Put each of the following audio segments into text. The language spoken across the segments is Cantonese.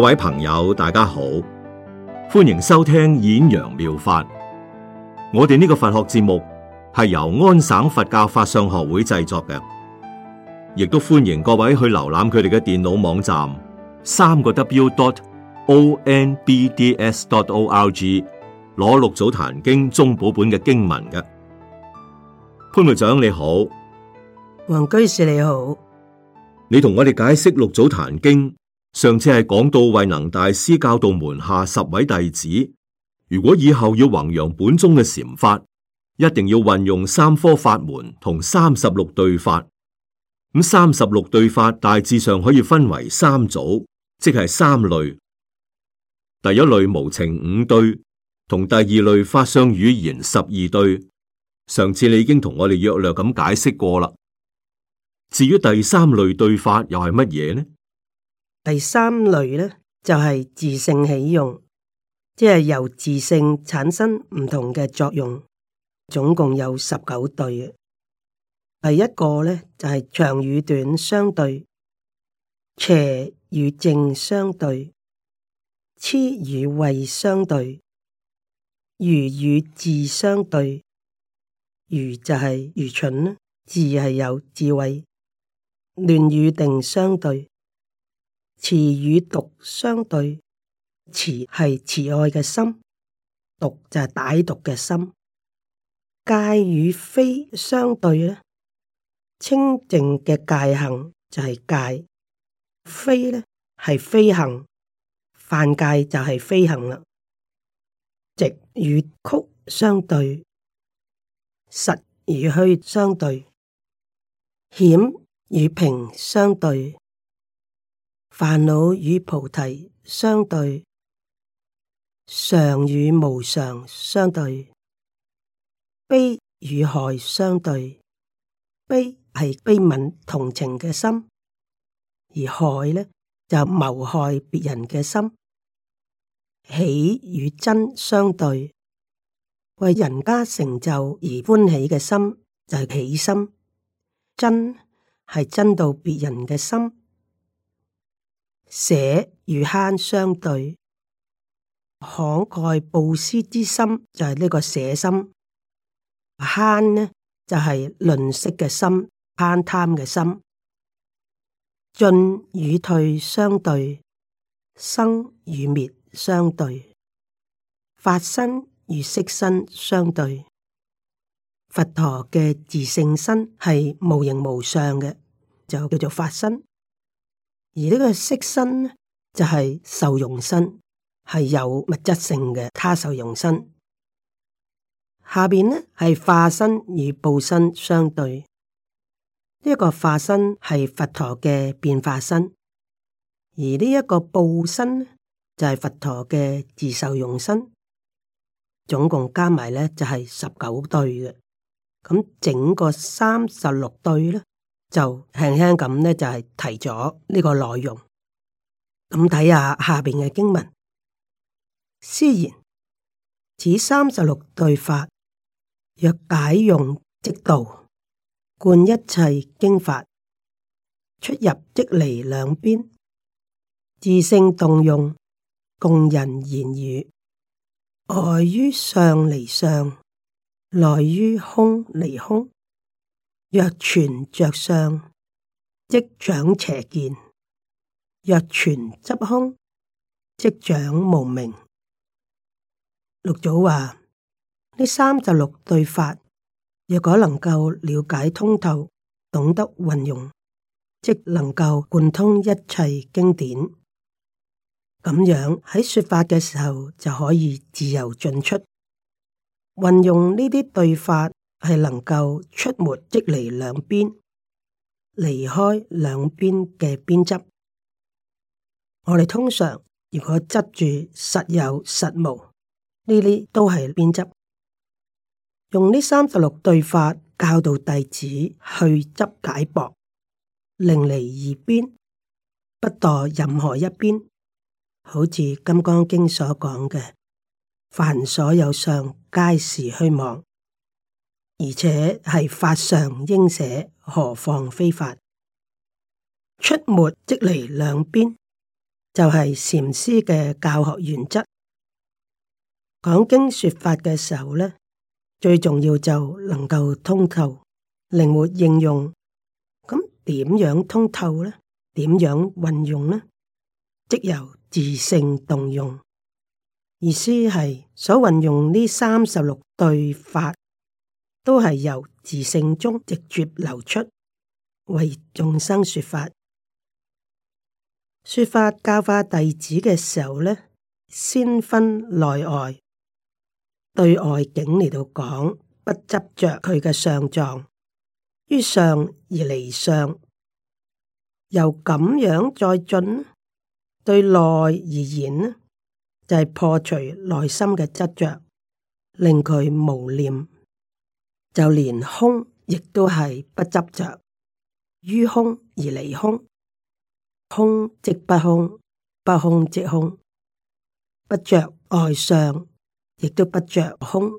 各位朋友，大家好，歡迎收聽演揚妙，妙法。我哋呢個佛學節目係由安省佛教法相學會製作嘅，亦都歡迎各位去瀏覽佢哋嘅電腦網站，三個 w dot o n b d s dot org 攞《六祖壇經中寶本嘅經文嘅。潘會長你好，黃居士你好，你同我哋解釋六祖壇經。上次係講到慧能大師教導門下十位弟子，如果以後要弘揚本宗嘅禪法，一定要運用三科法門同三十六對法。咁三十六對法大致上可以分為三組，即係三類。第一類無情五對，同第二類法相語言十二對。上次你已經同我哋約略咁解釋過啦。至於第三類對法又係乜嘢呢？第三類呢，就係、是、自性起用，即係由自性產生唔同嘅作用，總共有十九對。第一個呢，就係、是、長與短相對，邪與正相對，痴與慧相對，愚與智相對。愚就係愚蠢，智係有智慧。亂與定相對。慈與毒相對，慈係慈愛嘅心，毒就係歹毒嘅心。戒與非相對呢，清淨嘅戒行就係戒，非呢係非行，犯戒就係非行啦。直與曲相對，實與虛相對，險與平相對。煩惱與菩提相對，常與無常相對，悲與害相對。悲係悲憫同情嘅心，而害呢，就謀害別人嘅心。喜與憎相對，為人家成就而歡喜嘅心就係喜心。憎係憎到別人嘅心。捨與慳相對，慷慨布施之心就係呢個捨心；慳呢就係吝嗇嘅心、攀貪嘅心。進與退相對，生與滅相對，法身與色身相對。佛陀嘅自性身係無形無相嘅，就叫做法身。而呢個色身就係受用身，係有物質性嘅他受用身。下邊呢係化身與報身相對，呢一個化身係佛陀嘅變化身，而呢一個報身就係佛陀嘅自受用身。總共加埋咧就係十九對嘅，咁整個三十六對啦。就輕輕咁呢，就係提咗呢個內容。咁睇下下邊嘅經文。師言，此三十六對法若解用即道，貫一切經法，出入即離兩邊，自性動用，共人言語，外、呃、於相離相，內於空離空，若存着相，即長邪見；若存執空，即長無明。六祖話：呢三十六對法，若果能夠了解通透，懂得運用，即能夠貫通一切經典。咁樣喺說法嘅時候就可以自由進出，運用呢啲對法。係能夠出沒即離兩邊，離開兩邊嘅邊執。我哋通常如果執住實有實無呢啲都係邊執。用呢三十六對法教導弟子去執解薄，令離二邊，不墮任何一邊。好似《金剛經》所講嘅，凡所有相，皆是虛妄。而且係法上應捨，何況非法？出沒即離兩邊，就係、是、禪師嘅教學原則。講經說法嘅時候呢，最重要就能夠通透、靈活應用。咁點樣通透呢？點樣運用呢？即由自性動用，意思係所運用呢三十六對法，都係由自性中直接流出，為眾生說法。說法教化弟子嘅時候呢先分內外，對外境嚟到講，不執着佢嘅相狀，於上而離相，由咁樣再進；對內而言呢，就係、是、破除內心嘅執着，令佢無念。就連空亦都係不執着於空而離空，空即不空，不空即空，不着外相，亦都不着空。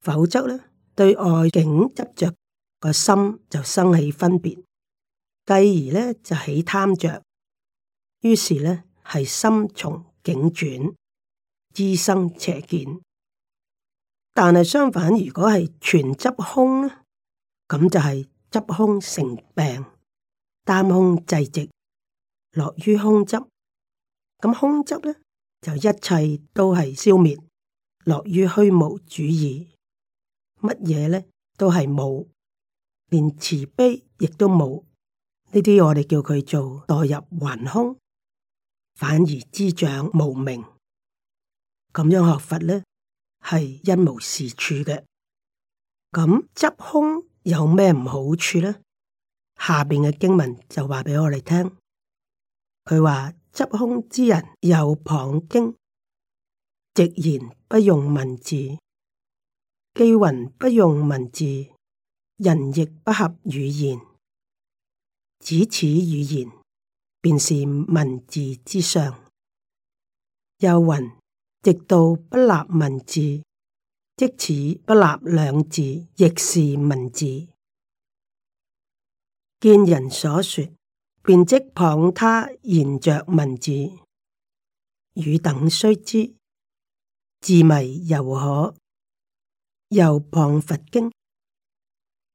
否則呢，對外境執着，個心就生起分別，繼而呢就起貪着，於是呢係心從境轉，滋生邪見。但係相反，如果係全執空呢，咁就係執空成病，擔空滯直，落於空執，咁空執呢，就一切都係消滅，落於虛無主義，乜嘢呢都係冇，連慈悲亦都冇。呢啲我哋叫佢做墮入頑空，反而滋長無明。咁樣學佛呢？係一無是處嘅，咁、嗯、執空有咩唔好處呢？下邊嘅經文就話俾我哋聽，佢話，執空之人有謗經，直言不用文字，既云不用文字，人亦不合語言，只此語言，便是文字之上，又云。直到不立文字，即此不立兩字，亦是文字。見人所說，便即謗他言着文字，汝等須知，自迷猶可，又謗佛經，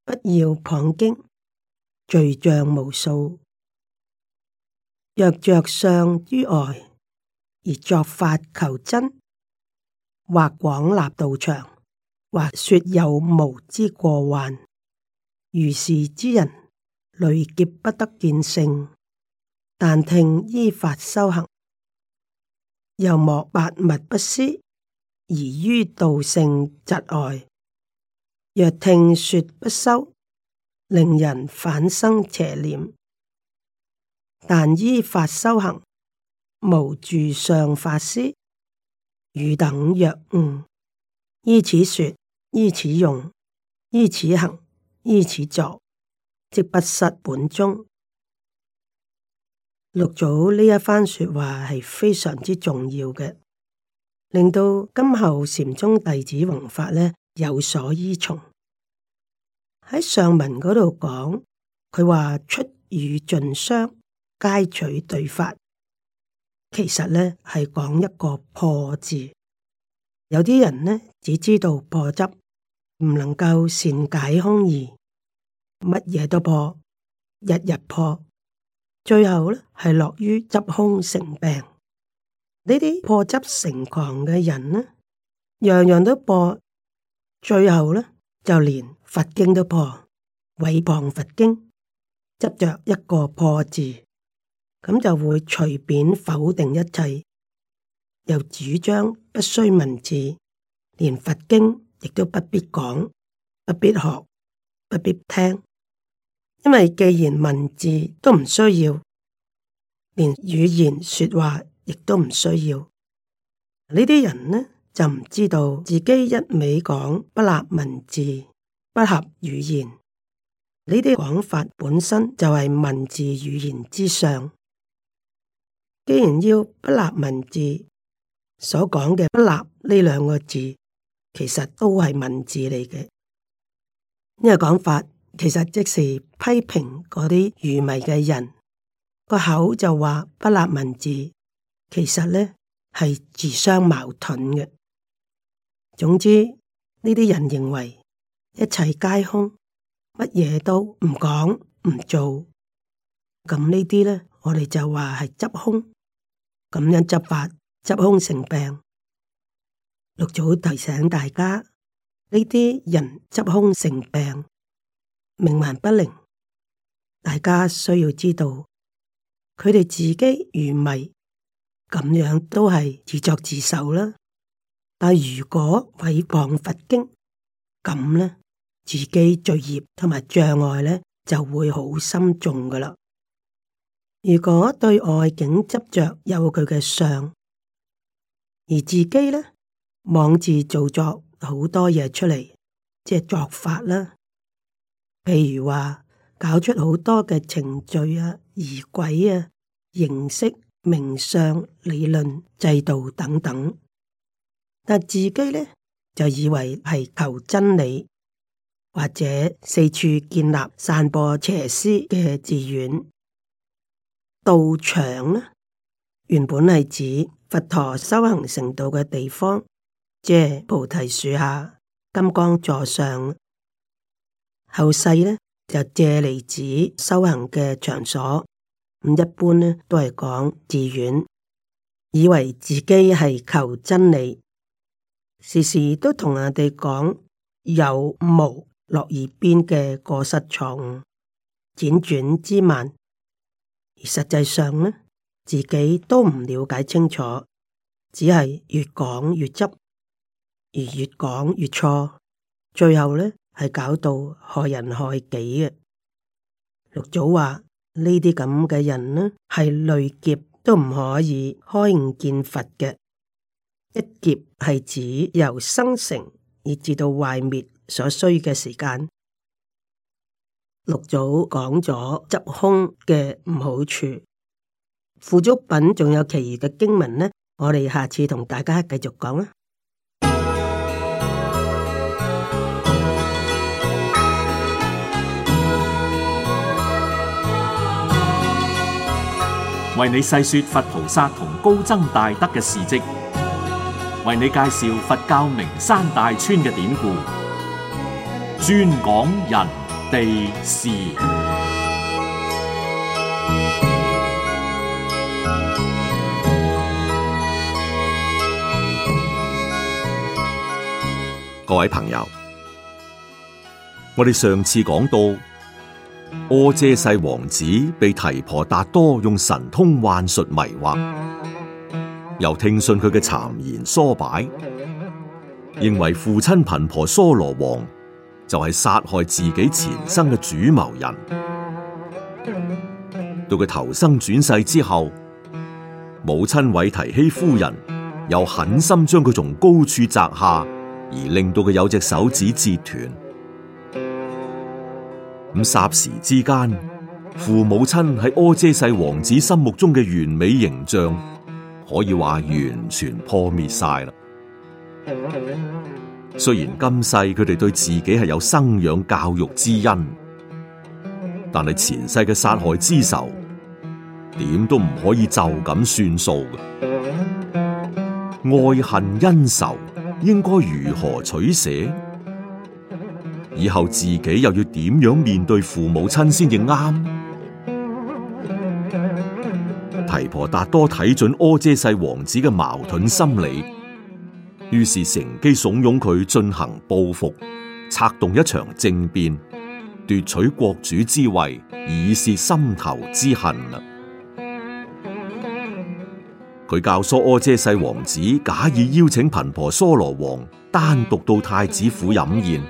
不要謗經，罪障無數。若着相於外。而作法求真，或廣立道場，或說有無之過患。如是之人，累劫不得見性。但聽依法修行，又莫百物不思，而於道性窒礙。若聽說不修，令人反生邪念。但依法修行。無住上法師，汝等若悟，依此說，依此用，依此行，依此作，即不失本宗。六祖呢一番說話係非常之重要嘅，令到今後禪宗弟子弘法呢，有所依從。喺上文嗰度講，佢話出語盡雙，皆取對法。其實咧係講一個破字，有啲人呢只知道破執，唔能夠善解空義，乜嘢都破，日日破，最後呢係落於執空成病。呢啲破執成狂嘅人呢，樣樣都破，最後呢，就連佛經都破，毀謗佛經，執着一個破字。咁就會隨便否定一切，又主張不需文字，連佛經亦都不必講，不必學，不必聽。因為既然文字都唔需要，連語言說話亦都唔需要，呢啲人呢就唔知道自己一味講不立文字，不合語言，呢啲講法本身就係文字語言之上。既然要不立文字，所講嘅不立呢兩個字，其實都係文字嚟嘅。呢個講法，其實即是批評嗰啲愚昧嘅人個口就話不立文字，其實呢係自相矛盾嘅。總之呢啲人認為一切皆空，乜嘢都唔講唔做，咁呢啲呢，我哋就話係執空。咁樣執法，執空成病，六祖提醒大家：呢啲人執空成病，冥頑不靈。大家需要知道，佢哋自己愚昧，咁樣都係自作自受啦。但如果毀謗佛經咁呢，自己罪孽同埋障礙呢，就會好深重噶啦。如果對外境執着有佢嘅相，而自己呢妄自造作好多嘢出嚟，即係作法啦。譬如話搞出好多嘅程序啊、儀軌啊、形式、名相、理論、制度等等，但自己呢就以為係求真理，或者四處建立、散播邪思嘅志願。道場呢，原本係指佛陀修行成道嘅地方，借菩提樹下、金剛座上。後世呢就借嚟指修行嘅場所。咁一般呢都係講自遠，以為自己係求真理，時時都同人哋講有無樂而邊嘅過失錯誤，輾轉之慢。而實際上呢，自己都唔了解清楚，只係越講越執，而越講越錯，最後呢係搞到害人害己嘅。六祖話呢啲咁嘅人呢，係累劫都唔可以開悟見佛嘅。一劫係指由生成以至到壞滅所需嘅時間。六祖講咗執空嘅唔好處，附囑品仲有其餘嘅經文呢，我哋下次同大家繼續講啊。為你細說佛菩薩同高僧大德嘅事跡，為你介紹佛教名山大川嘅典故，專講人。地事，各位朋友，我哋上次講到，阿闍世王子被提婆達多用神通幻術迷惑，又聽信佢嘅讒言唆擺，認為父親頻婆娑羅王，就係殺害自己前生嘅主謀人，到佢投生轉世之後，母親韋提希夫人又狠心將佢從高處砸下，而令到佢有隻手指折斷。咁霎時之間，父母親喺阿闍世王子心目中嘅完美形象，可以話完全破滅晒啦。雖然今世佢哋對自己係有生養教育之恩，但係前世嘅殺害之仇，點都唔可以就咁算數嘅。愛恨恩仇應該如何取捨？以後自己又要點樣面對父母親先至啱？提婆達多睇準阿闍世王子嘅矛盾心理。於是乘機慫恿佢進行報復，策動一場政變，奪取國主之位，以示心頭之恨。佢 教唆阿闍世王子假意邀請頻婆娑羅,羅王，單獨到太子府飲宴。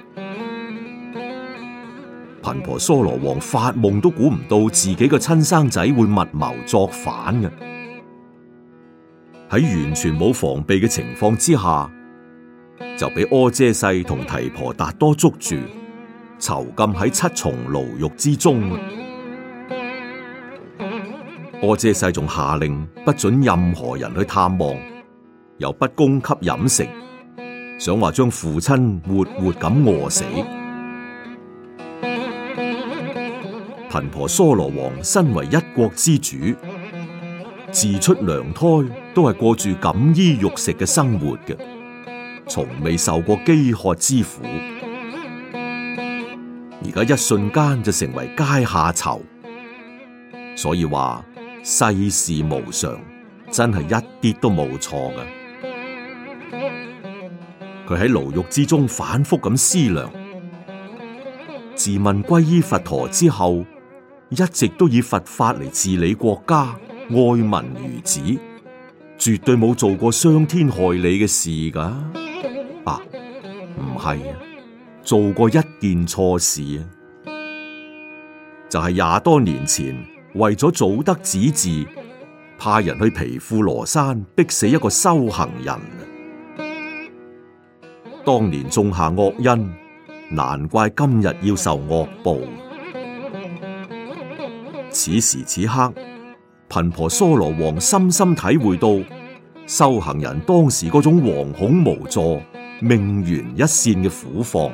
頻婆娑羅,羅王發夢都估唔到自己嘅親生仔會密謀作反嘅。喺完全冇防備嘅情況之下，就俾阿闍世同提婆達多捉住，囚禁喺七重牢獄之中。阿闍世仲下令不准任何人去探望，又不供給飲食，想話將父親活活咁餓死。頻婆娑羅王身為一國之主。自出娘胎都係過住錦衣玉食嘅生活嘅，從未受過飢渴之苦。而家一瞬間就成為階下囚，所以話世事無常，真係一啲都冇錯㗎。佢喺牢獄之中反復咁思量，自問歸依佛陀之後，一直都以佛法嚟治理國家。愛民如子，絕對冇做過傷天害理嘅事噶。啊，唔係、啊，做過一件錯事，就係、是、廿多年前為咗早得子嗣，派人去皮富羅山逼死一個修行人。當年種下惡因，難怪今日要受惡報。此時此刻。頻婆娑羅王深深體會到修行人當時嗰種惶恐無助、命懸一綫嘅苦況，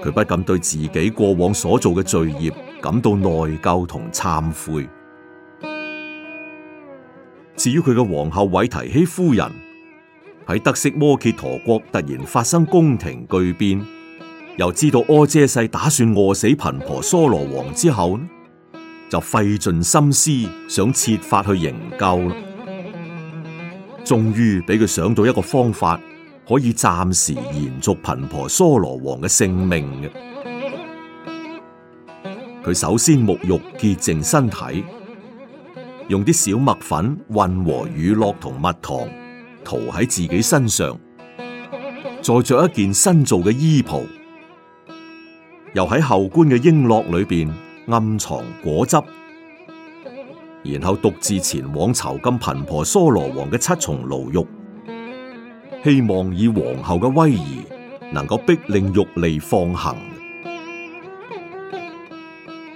佢不禁對自己過往所做嘅罪業感到內疚同懺悔。至於佢嘅皇后韋提希夫人喺得悉摩羯陀國突然發生宮廷巨變，又知道阿闍世打算餓死頻婆娑羅王之後就費盡心思，想設法去營救啦。終於俾佢想到一個方法，可以暫時延續頻婆娑羅王嘅性命嘅。佢首先沐浴潔淨身體，用啲小麥粉混和乳酪同蜜糖，塗喺自己身上，再着一件新造嘅衣袍，又喺後冠嘅瓔珞裏邊。暗藏果汁，然後獨自前往囚禁頻婆娑羅王嘅七重牢獄，希望以皇后嘅威儀能夠逼令獄吏放行。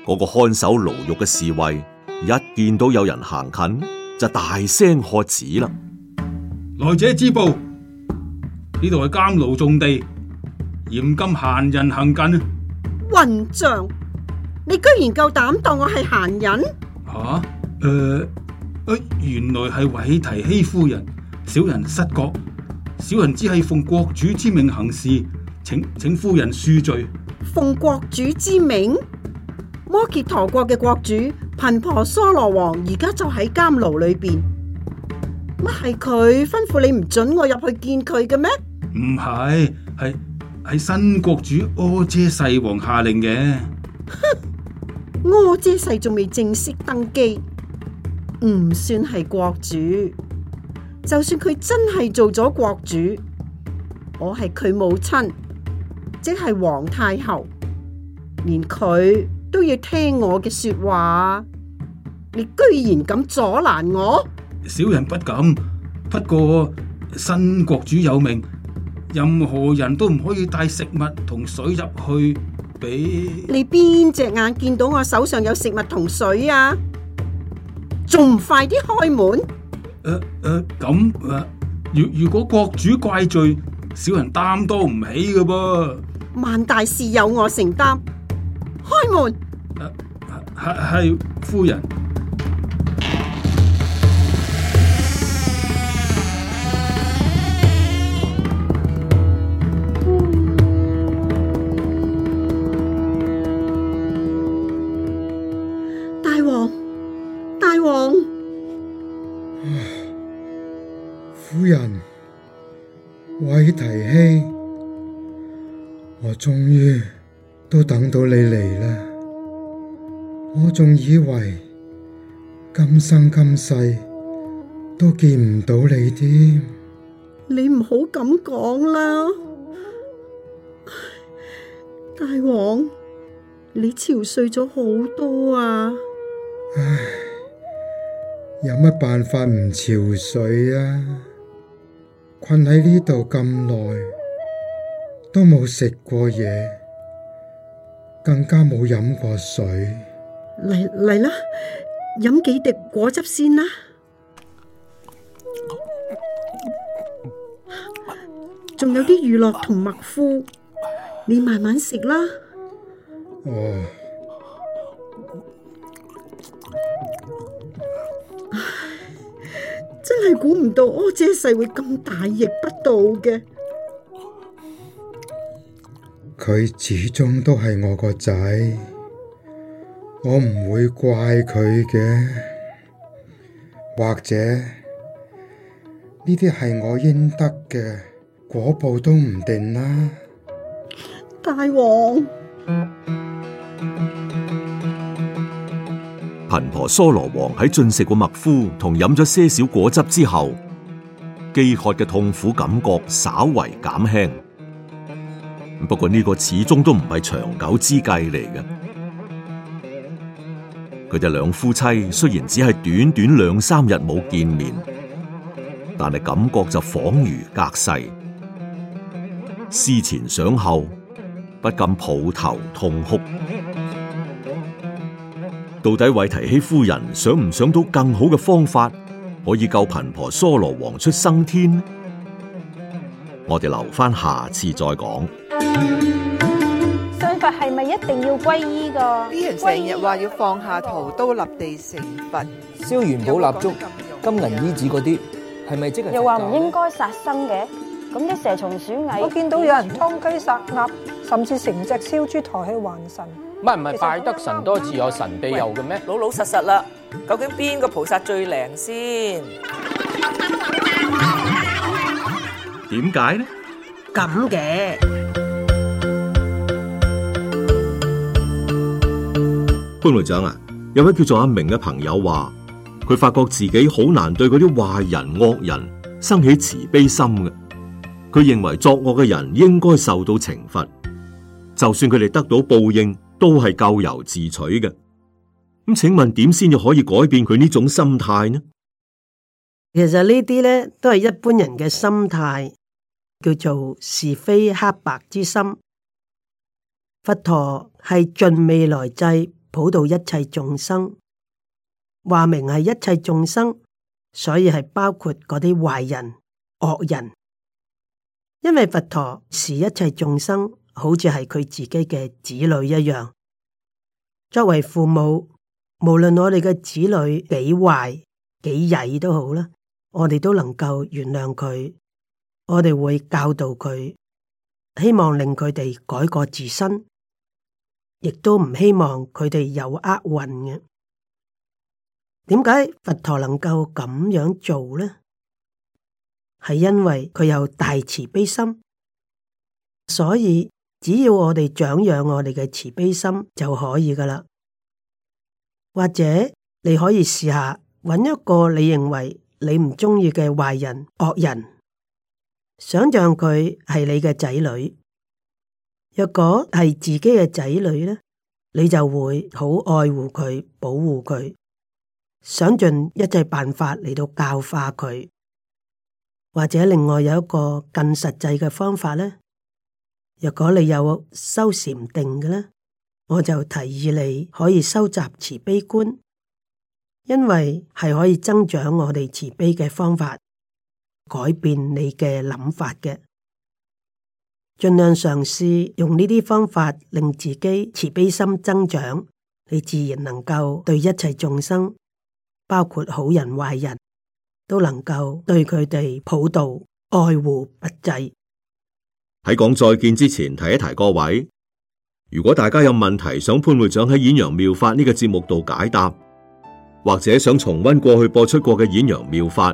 嗰、那個看守牢獄嘅侍衛一見到有人行近，就大聲喝止啦：來者止步！呢度係監牢重地，嚴禁閒人行近。混賬！你居然夠膽當我係閒人？吓、啊，誒、呃，誒、呃，原來係韋提希夫人，小人失覺，小人只係奉國主之命行事，請請夫人恕罪。奉國主之命，摩羯陀國嘅國主貧婆娑羅王而家就喺監牢裏邊，乜係佢吩咐你唔准我入去見佢嘅咩？唔係，係係新國主阿遮世王下令嘅。 我姐世仲未正式登基，唔、嗯、算係國主。就算佢真係做咗國主，我係佢母親，即係皇太后，連佢都要聽我嘅說話。你居然敢阻攔我？小人不敢。不過新國主有命，任何人都唔可以帶食物同水入去。俾你邊隻眼見到我手上有食物同水啊？仲唔快啲開門？誒誒、呃，咁、呃、誒，如、呃、如果國主怪罪，小人擔當唔起㗎噃。萬大事由我承擔，開門。係係、呃呃呃、夫人。都等到你嚟啦，我仲以為今生今世都見唔到你添。你唔好咁講啦，大王，你憔悴咗好多啊！唉，有乜辦法唔憔悴啊？困喺呢度咁耐，都冇食過嘢。更加冇飲過水。嚟嚟啦，飲幾滴果汁先啦。仲 有啲乳酪同麥麩，你慢慢食啦。嗯哇， 真係估唔到阿姐細會咁大逆不道嘅。佢始終都係我個仔，我唔會怪佢嘅。或者呢啲係我應得嘅果報都唔定啦。大王， 頻婆娑羅王喺進食過麥麩同飲咗些少果汁之後，飢渴嘅痛苦感覺稍為減輕。不過呢個始終都唔係長久之計嚟嘅。佢哋兩夫妻雖然只係短短兩三日冇見面，但係感覺就恍如隔世。思前想後，不禁抱頭痛哭。到底韋提希夫人想唔想到更好嘅方法，可以救頻婆娑羅王出生天？我哋留翻下，下次再講。信佛係咪一定要皈依噶？啲人成日話要放下屠刀立地成佛，燒元寶蠟燭，金銀衣紙嗰啲係咪即係？又話唔應該殺生嘅，咁啲蛇蟲鼠蟻，我見到有人劏雞殺鴨，甚至成隻燒豬抬去還神。唔係唔係，拜得神多自有神庇佑嘅咩？老老實實啦，究竟邊個菩薩最靈先？點解呢？咁嘅。潘局長啊，有位叫做阿明嘅朋友話，佢發覺自己好難對嗰啲壞人惡人生起慈悲心嘅。佢認為作惡嘅人應該受到懲罰，就算佢哋得到報應，都係咎由自取嘅。咁請問點先至可以改變佢呢種心態呢？其實呢啲咧都係一般人嘅心態，叫做是非黑白之心。佛陀係盡未來際。普度一切眾生，話明係一切眾生，所以係包括嗰啲壞人、惡人。因為佛陀視一切眾生好似係佢自己嘅子女一樣，作為父母，無論我哋嘅子女幾壞、幾曳都好啦，我哋都能夠原諒佢，我哋會教導佢，希望令佢哋改過自身。亦都唔希望佢哋有厄運嘅。點解佛陀能夠咁樣做呢？係因為佢有大慈悲心，所以只要我哋長養我哋嘅慈悲心就可以噶啦。或者你可以試下，揾一個你認為你唔鍾意嘅壞人、惡人，想象佢係你嘅仔女。若果係自己嘅仔女呢，你就會好愛護佢、保護佢，想盡一切辦法嚟到教化佢。或者另外有一個更實際嘅方法呢，若果你有修禪定嘅呢，我就提議你可以收集慈悲觀，因為係可以增長我哋慈悲嘅方法，改變你嘅諗法嘅。盡量嘗試用呢啲方法，令自己慈悲心增長。你自然能夠對一切眾生，包括好人壞人，都能夠對佢哋普度愛護不濟。喺講再見之前，提一提各位，如果大家有問題，想潘會長喺《演揚妙法》呢個節目度解答，或者想重溫過去播出過嘅《演揚妙法》，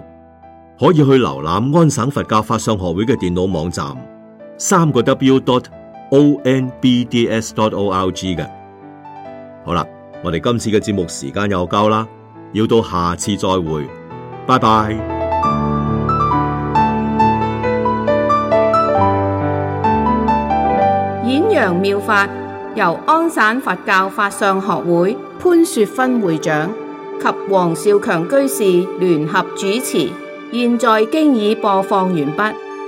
可以去瀏覽安省佛教法相學會嘅電腦網站。三個 w.dot.o.n.b.d.s.dot.o.r.g 嘅。好啦，我哋今次嘅節目時間又夠啦，要到下次再會，拜拜。演揚妙法由安省佛教法相學會潘雪芬會長及黃少強居士聯合主持，現在經已播放完畢。